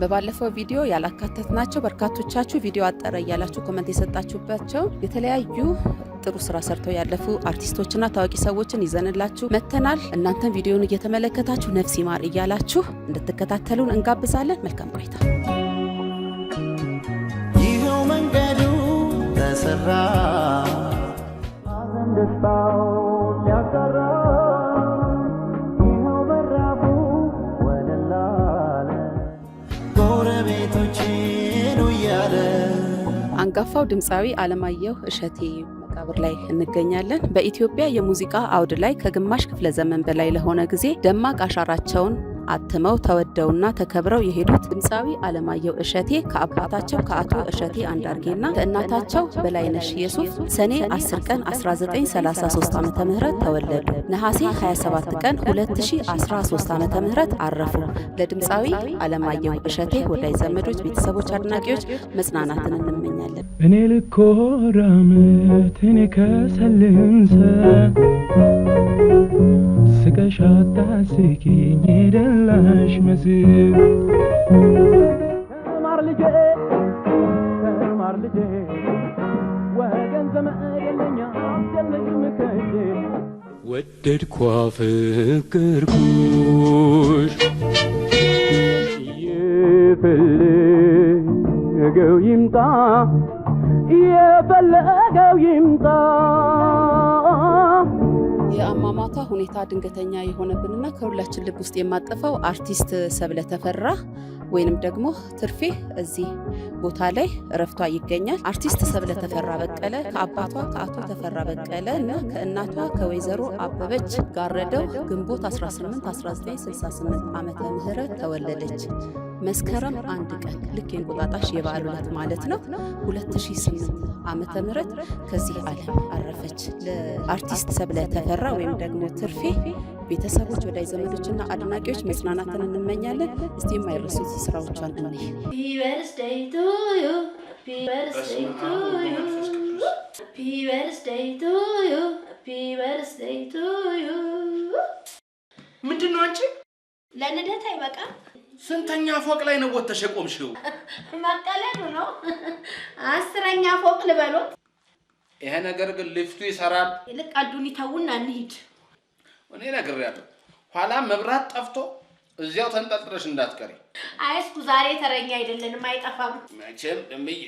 በባለፈው ቪዲዮ ያላካተትናቸው በርካቶቻችሁ ቪዲዮ አጠረ እያላችሁ ኮመንት የሰጣችሁባቸው የተለያዩ ጥሩ ስራ ሰርተው ያለፉ አርቲስቶችና ታዋቂ ሰዎችን ይዘንላችሁ መጥተናል። እናንተም ቪዲዮን እየተመለከታችሁ ነፍስ ይማር እያላችሁ እንድትከታተሉን እንጋብዛለን። መልካም ቆይታ። ይኸው መንገዱ ተሰራ አንጋፋው ድምፃዊ አለማየሁ እሸቴ መቃብር ላይ እንገኛለን። በኢትዮጵያ የሙዚቃ አውድ ላይ ከግማሽ ክፍለ ዘመን በላይ ለሆነ ጊዜ ደማቅ አሻራቸውን አትመው ተወደውና ተከብረው የሄዱት ድምፃዊ አለማየሁ እሸቴ ከአባታቸው ከአቶ እሸቴ አንዳርጌና ከእናታቸው በላይነሽ የሱፍ ሰኔ 10 ቀን 1933 ዓ ም ተወለዱ። ነሐሴ 27 ቀን 2013 ዓ ም አረፉ። ለድምፃዊ አለማየሁ እሸቴ ወዳጅ ዘመዶች፣ ቤተሰቦች፣ አድናቂዎች መጽናናትን ትገኛለን። እኔ ልኮራምት እኔ ከሰልንሰ ስቀሻታ ስኪኝ ደላሽ መስል ተማር ልጄ ተማር ልጄ ወገን ዘመድ የለኛ ወደድኳ ፍቅርኩሽ የፈለገው ይምጣ የፈለገው ይምጣ። የአሟሟቷ ሁኔታ ድንገተኛ የሆነብንና ከሁላችን ልብ ውስጥ የማጠፋው አርቲስት ሰብለ ተፈራ ወይንም ደግሞ ትርፌ እዚህ ቦታ ላይ እረፍቷ ይገኛል። አርቲስት ሰብለ ተፈራ በቀለ ከአባቷ ከአቶ ተፈራ በቀለ እና ከእናቷ ከወይዘሮ አበበች ጋረደው ግንቦት 18 1968 ዓመተ ምህረት ተወለደች። መስከረም አንድ ቀን ልክ የእንቁጣጣሽ የበዓል ዕለት ማለት ነው 2008 ዓመተ ምህረት ከዚህ ዓለም አረፈች። ለአርቲስት ሰብለ ተፈራ ወይም ደግሞ ትርፌ ቤተሰቦች፣ ወዳጅ ዘመዶችና አድናቂዎች መጽናናትን እንመኛለን። እስቲ የማይረሱት ስራዎቿን እኔ ምንድን ነው አንቺ ለልደት አይበቃ ስንተኛ ፎቅ ላይ ነው ወጥተሽ የቆምሽው? መቀለሉ ነው። አስረኛ ፎቅ ልበሎት። ይሄ ነገር ግን ሊፍቱ ይሰራል። ይልቅ አዱን ይተውና እንሂድ። እኔ ነግሬያለሁ። ኋላ መብራት ጠፍቶ እዚያው ተንጠጥረሽ እንዳትቀሪ። አይስኩ ዛሬ ተረኛ አይደለንም፣ አይጠፋም መቼም። እምዬ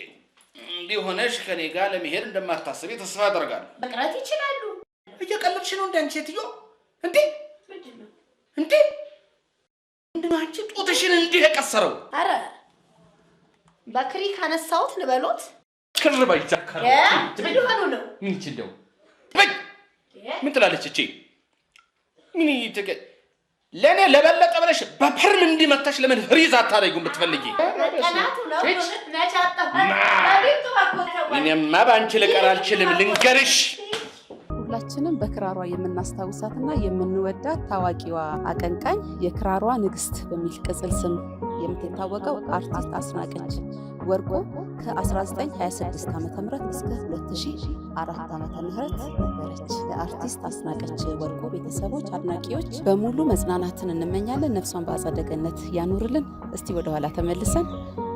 እንዲህ ሆነሽ ከኔ ጋር ለመሄድ እንደማታስቢ ተስፋ አደርጋለሁ። መቅረት ይችላሉ። እየቀለድሽ ነው እንደ አንቺ ሴትዮ። እንዴ እንዴ ምንድን አንቺ ጡትሽን እንዲህ የቀሰረው? አረ በክሪ ካነሳሁት ልበሎት። ክር ባይቻ ምን ትላለች እቼ ምን ይጥቅ ለእኔ ለበለጠ ብለሽ በፐርም እንዲመታሽ ለምን ህሪዝ አታደርጊው? ብትፈልጊ እኔማ በአንቺ ልቀር አልችልም። ልንገርሽ ሁላችንም በክራሯ የምናስታውሳትና የምንወዳት ታዋቂዋ አቀንቃኝ የክራሯ ንግስት በሚል ቅጽል ስም የምትታወቀው አርቲስት አስናቀች ወርቁ ከ1926 ዓ ም እስከ 2004 ዓ ም ነበረች። ለአርቲስት አስናቀች ወርቁ ቤተሰቦች፣ አድናቂዎች በሙሉ መጽናናትን እንመኛለን። ነፍሷን በአጸደ ገነት ያኑርልን። እስቲ ወደኋላ ተመልሰን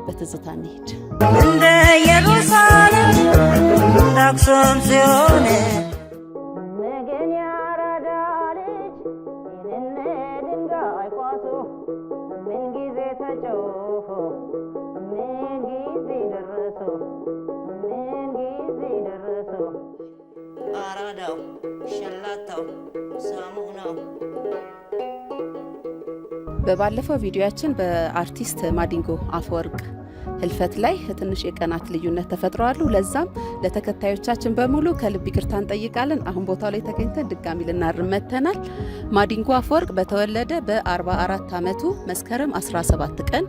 በትዝታ እንሄድ። እንደ ኢየሩሳሌም አክሱም ሲሆን ሸላላው ሸላታው ሳሙናው በባለፈው ቪዲዮያችን በአርቲስት ማዲንጎ አፈወርቅ ህልፈት ላይ ትንሽ የቀናት ልዩነት ተፈጥረዋሉ። ለዛም ለተከታዮቻችን በሙሉ ከልብ ይቅርታ እንጠይቃለን። አሁን ቦታው ላይ ተገኝተን ድጋሚ ልናርም መጥተናል። ማዲንጎ አፈወርቅ በተወለደ በ44 ዓመቱ መስከረም 17 ቀን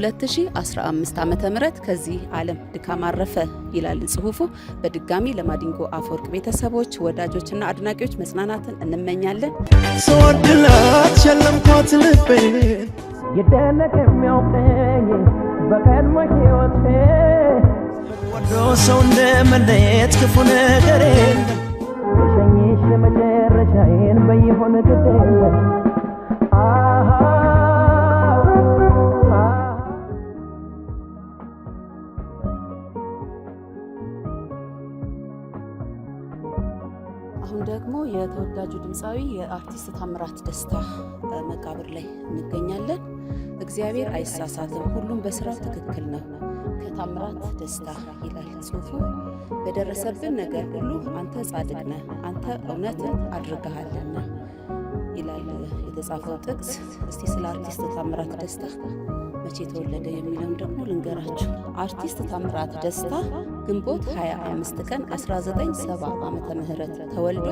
2015 ዓ ም ከዚህ ዓለም ድካም አረፈ ይላል ጽሁፉ። በድጋሚ ለማዲንጎ አፈወርቅ ቤተሰቦች፣ ወዳጆችና አድናቂዎች መጽናናትን እንመኛለን። ሰወድላት ሸለምኳት ልቤ የደነቅ የሚያውቅ በቀድሞ ሕይወቴ ወዶ ሰው እንደመለየት ክፉ ነገሬ የሸኝሽ መጨረሻዬን በይሆን ግድ የተወዳጁ ድምፃዊ የአርቲስት ታምራት ደስታ መቃብር ላይ እንገኛለን። እግዚአብሔር አይሳሳትም፣ ሁሉም በስራው ትክክል ነው ከታምራት ደስታ ይላል ጽሁፉ በደረሰብን ነገር ሁሉ አንተ ጻድቅ ነህ፣ አንተ እውነትን አድርገሃልና ይላል የተጻፈው ጥቅስ። እስቲ ስለ አርቲስት ታምራት ደስታ መቼ ተወለደ የሚለውን ደግሞ ልንገራችሁ። አርቲስት ታምራት ደስታ ግንቦት 25 ቀን 1970 ዓ ም ተወልዶ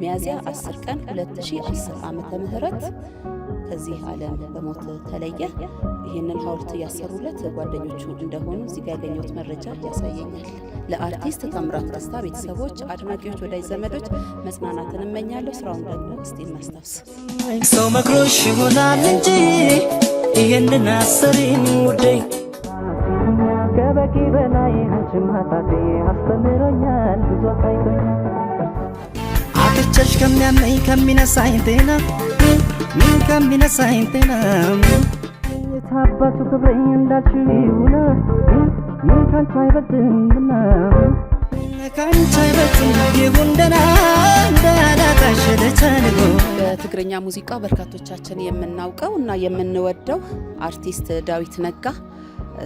ሚያዝያ 10 ቀን 2010 ዓ ም ከዚህ ዓለም በሞት ተለየ። ይህንን ሐውልት እያሰሩለት ጓደኞቹ እንደሆኑ እዚህ ጋ ያገኘሁት መረጃ ያሳየኛል። ለአርቲስት ታምራት ደስታ ቤተሰቦች፣ አድናቂዎች፣ ወዳጅ ዘመዶች መጽናናትን እመኛለሁ። ስራውን ደግሞ እስቲ እናስታውስ። ሰው መክሮሽ ይሆናል እንጂ ይህንን አስሪኝ ውዴ ከበቂ በላይ አንቺም ሀጣቴ አስተምሮኛል ብዙ አሳይቶኛል አጥቼሽ ከሚያመኝ ከሚነሳኝ ጤና ምን ከሚነሳኝ ጤና ታባቱ ክብረኝ እንዳልሽው ይሁና ምን ካንቺ አይበልጥምና ካንቺ አይበልጥም ይሁን በትግርኛ ሙዚቃ በርካቶቻችን የምናውቀው እና የምንወደው አርቲስት ዳዊት ነጋ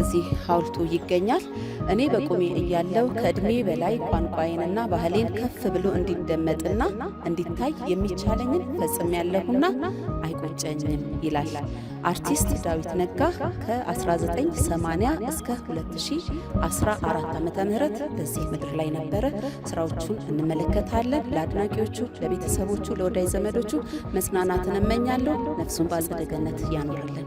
እዚህ ሀውልቱ ይገኛል። እኔ በቁሜ እያለው ከእድሜ በላይ ቋንቋዬንና ባህሌን ከፍ ብሎ እንዲደመጥና እንዲታይ የሚቻለኝን ፈጽም ያለሁና አይቆጨኝም ይላል አርቲስት ዳዊት ነጋ ከ1980 እስከ 2014 ዓ.ም በዚህ ምድር ላይ ነበረ። ስራዎቹን እንመለከታለን። ለአድናቂዎቹ፣ ለቤተሰቦቹ፣ ለወዳጅ ዘመዶቹ መጽናናትን እመኛለሁ። ነፍሱን በአጸደ ገነት ያኖርልን።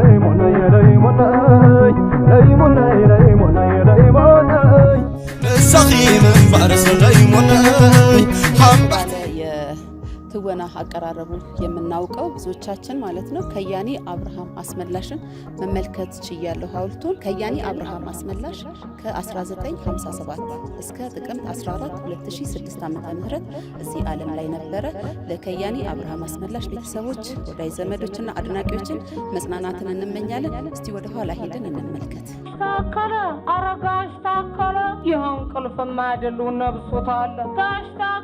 የትወና አቀራረቡ የምናውቀው ብዙዎቻችን ማለት ነው። ከያኒ አብርሃም አስመላሽን መመልከት ችያለሁ። ሀውልቱን ከያኒ አብርሃም አስመላሽ ከ1957 እስከ ጥቅምት 14 2006 ዓ ም እዚህ ዓለም ላይ ነበረ። ለከያኒ አብርሃም አስመላሽ ቤተሰቦች፣ ወዳጅ ዘመዶችና አድናቂዎችን መጽናናትን እንመኛለን። እስቲ ወደ ኋላ ሄደን እንመልከት። ታከለ አረጋሽ ታከለ ይህን ቅልፍ የማያደሉ ነብሶታለ ጋሽ ታከለ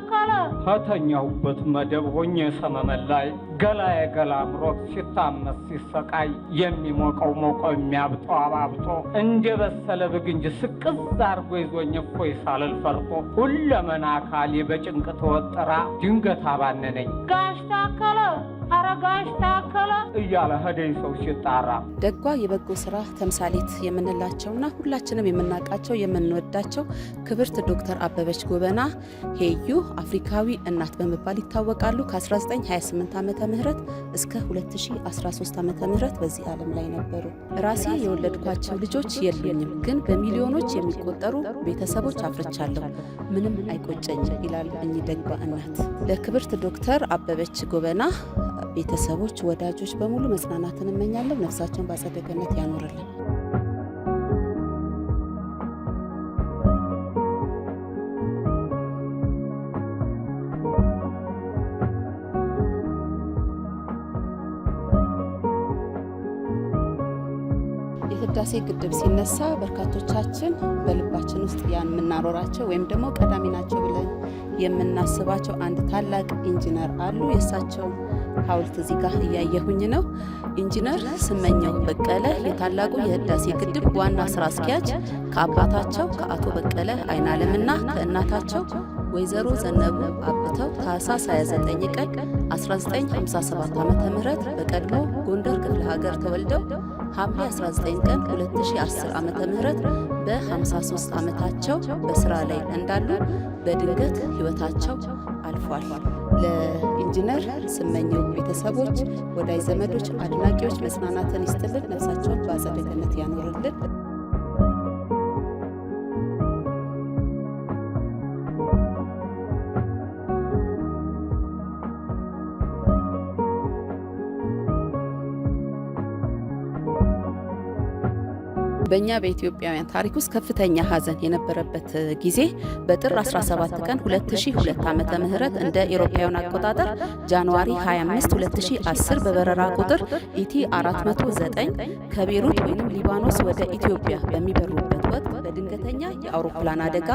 ከተኛውበት መደብ ሆኜ ሰመመን ላይ ገላዬ ገላ አምሮት ሲታመስ ሲሰቃይ የሚሞቀው ሞቆ የሚያብጠው አባብጦ እንደ በሰለ ብግንጅ እንጂ ስቅዝ አድርጎ ይዞኝ እፎይ ሳልል ፈልቆ ሁለመና አካሌ በጭንቅ ተወጠራ ድንገት አባነነኝ ጋሽ ታከለ አረጋሽ ታከለ እያለ ሄደኝ ሰው ሲጣራ ደጓ የበጎ ስራ ተምሳሌት የምንላቸውና ሁላችንም የምናውቃቸው የምንወዳቸው ክብርት ዶክተር አበበች ጎበና ሄዩ አፍሪካዊ እናት በመባል ይታወቃሉ። ከ1928 ዓመተ ም እስከ 2013 ዓ ም በዚህ ዓለም ላይ ነበሩ። ራሴ የወለድኳቸው ልጆች የሉኝም፣ ግን በሚሊዮኖች የሚቆጠሩ ቤተሰቦች አፍርቻለሁ። ምንም አይቆጨኝ ይላሉ እኚህ ደግባ እናት። ለክብርት ዶክተር አበበች ጎበና ቤተሰቦች፣ ወዳጆች በሙሉ መጽናናትን እመኛለሁ። ነፍሳቸውን በአጸደ ገነት ያኖርልን። የህዳሴ ግድብ ሲነሳ በርካቶቻችን በልባችን ውስጥ ያን የምናኖራቸው ወይም ደግሞ ቀዳሚ ናቸው ብለን የምናስባቸው አንድ ታላቅ ኢንጂነር አሉ። የእሳቸው ሐውልት እዚህ ጋር እያየሁኝ ነው። ኢንጂነር ስመኘው በቀለ የታላቁ የህዳሴ ግድብ ዋና ስራ አስኪያጅ ከአባታቸው ከአቶ በቀለ አይናለምና ከእናታቸው ወይዘሮ ዘነቡ አብተው ታህሳስ 29 ቀን 1957 ዓ.ም በቀድሞ ጎንደር ክፍለ ሀገር ተወልደው ሐምሌ 19 ቀን 2010 ዓ.ም በ53 ዓመታቸው በስራ ላይ እንዳሉ በድንገት ህይወታቸው አልፏል። ለኢንጂነር ስመኘው ቤተሰቦች፣ ወዳጅ ዘመዶች፣ አድናቂዎች መጽናናትን ይስጥልን፣ ነፍሳቸውን በአጸደ ገነት ያኖርልን። በእኛ በኢትዮጵያውያን ታሪክ ውስጥ ከፍተኛ ሀዘን የነበረበት ጊዜ በጥር 17 ቀን 2002 ዓ ም እንደ ኤሮፓውያን አቆጣጠር ጃንዋሪ 25 2010 በበረራ ቁጥር ኢቲ 409 ከቤሩት ወይም ሊባኖስ ወደ ኢትዮጵያ በሚበሩበት ወቅት በድንገተኛ የአውሮፕላን አደጋ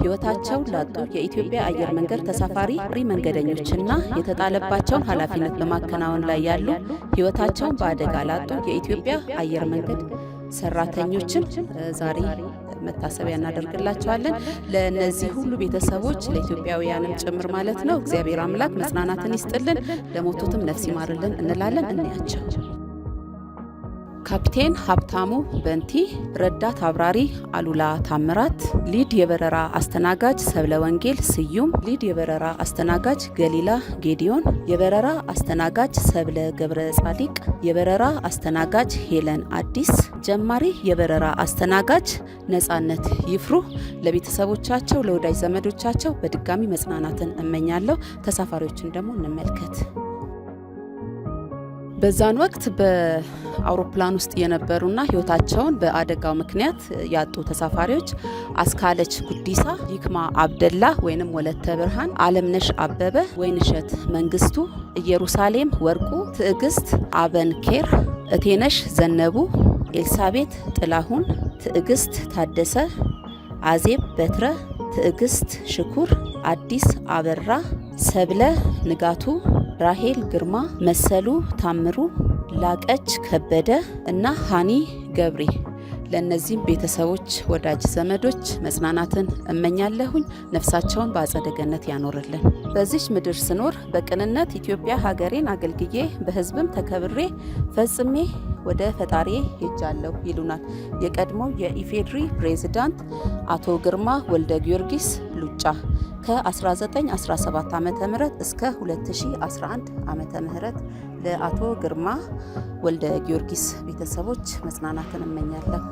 ህይወታቸው ላጡ የኢትዮጵያ አየር መንገድ ተሳፋሪ ሪ መንገደኞችና የተጣለባቸውን ኃላፊነት በማከናወን ላይ ያሉ ህይወታቸውን በአደጋ ላጡ የኢትዮጵያ አየር መንገድ ሰራተኞችን ዛሬ መታሰቢያ እናደርግላቸዋለን። ለእነዚህ ሁሉ ቤተሰቦች ለኢትዮጵያውያንም ጭምር ማለት ነው። እግዚአብሔር አምላክ መጽናናትን ይስጥልን፣ ለሞቱትም ነፍስ ይማርልን እንላለን። እንያቸው ካፕቴን ሀብታሙ በንቲ፣ ረዳት አብራሪ አሉላ ታምራት፣ ሊድ የበረራ አስተናጋጅ ሰብለ ወንጌል ስዩም፣ ሊድ የበረራ አስተናጋጅ ገሊላ ጌዲዮን፣ የበረራ አስተናጋጅ ሰብለ ገብረ ጻዲቅ፣ የበረራ አስተናጋጅ ሄለን አዲስ፣ ጀማሪ የበረራ አስተናጋጅ ነጻነት ይፍሩ። ለቤተሰቦቻቸው ለወዳጅ ዘመዶቻቸው በድጋሚ መጽናናትን እመኛለሁ። ተሳፋሪዎችን ደግሞ እንመልከት። በዛን ወቅት በአውሮፕላን ውስጥ የነበሩና ህይወታቸውን በአደጋው ምክንያት ያጡ ተሳፋሪዎች አስካለች ጉዲሳ፣ ይክማ አብደላ ወይንም ወለተ ብርሃን፣ አለምነሽ አበበ፣ ወይንሸት መንግስቱ፣ ኢየሩሳሌም ወርቁ፣ ትዕግስት አበንኬር፣ እቴነሽ ዘነቡ፣ ኤልሳቤት ጥላሁን፣ ትዕግስት ታደሰ፣ አዜብ በትረ፣ ትዕግስት ሽኩር፣ አዲስ አበራ፣ ሰብለ ንጋቱ ራሄል ግርማ፣ መሰሉ ታምሩ፣ ላቀች ከበደ እና ሃኒ ገብሬ ለእነዚህም ቤተሰቦች፣ ወዳጅ ዘመዶች መጽናናትን እመኛለሁኝ። ነፍሳቸውን በአጸደ ገነት ያኖርልን። በዚች ምድር ስኖር በቅንነት ኢትዮጵያ ሀገሬን አገልግዬ በህዝብም ተከብሬ ፈጽሜ ወደ ፈጣሪዬ ሄጃለሁ ይሉናል የቀድሞው የኢፌድሪ ፕሬዚዳንት አቶ ግርማ ወልደ ጊዮርጊስ ሉጫ ከ1917 ዓ ም እስከ 2011 ዓ ም ለአቶ ግርማ ወልደ ጊዮርጊስ ቤተሰቦች መጽናናትን እመኛለሁ።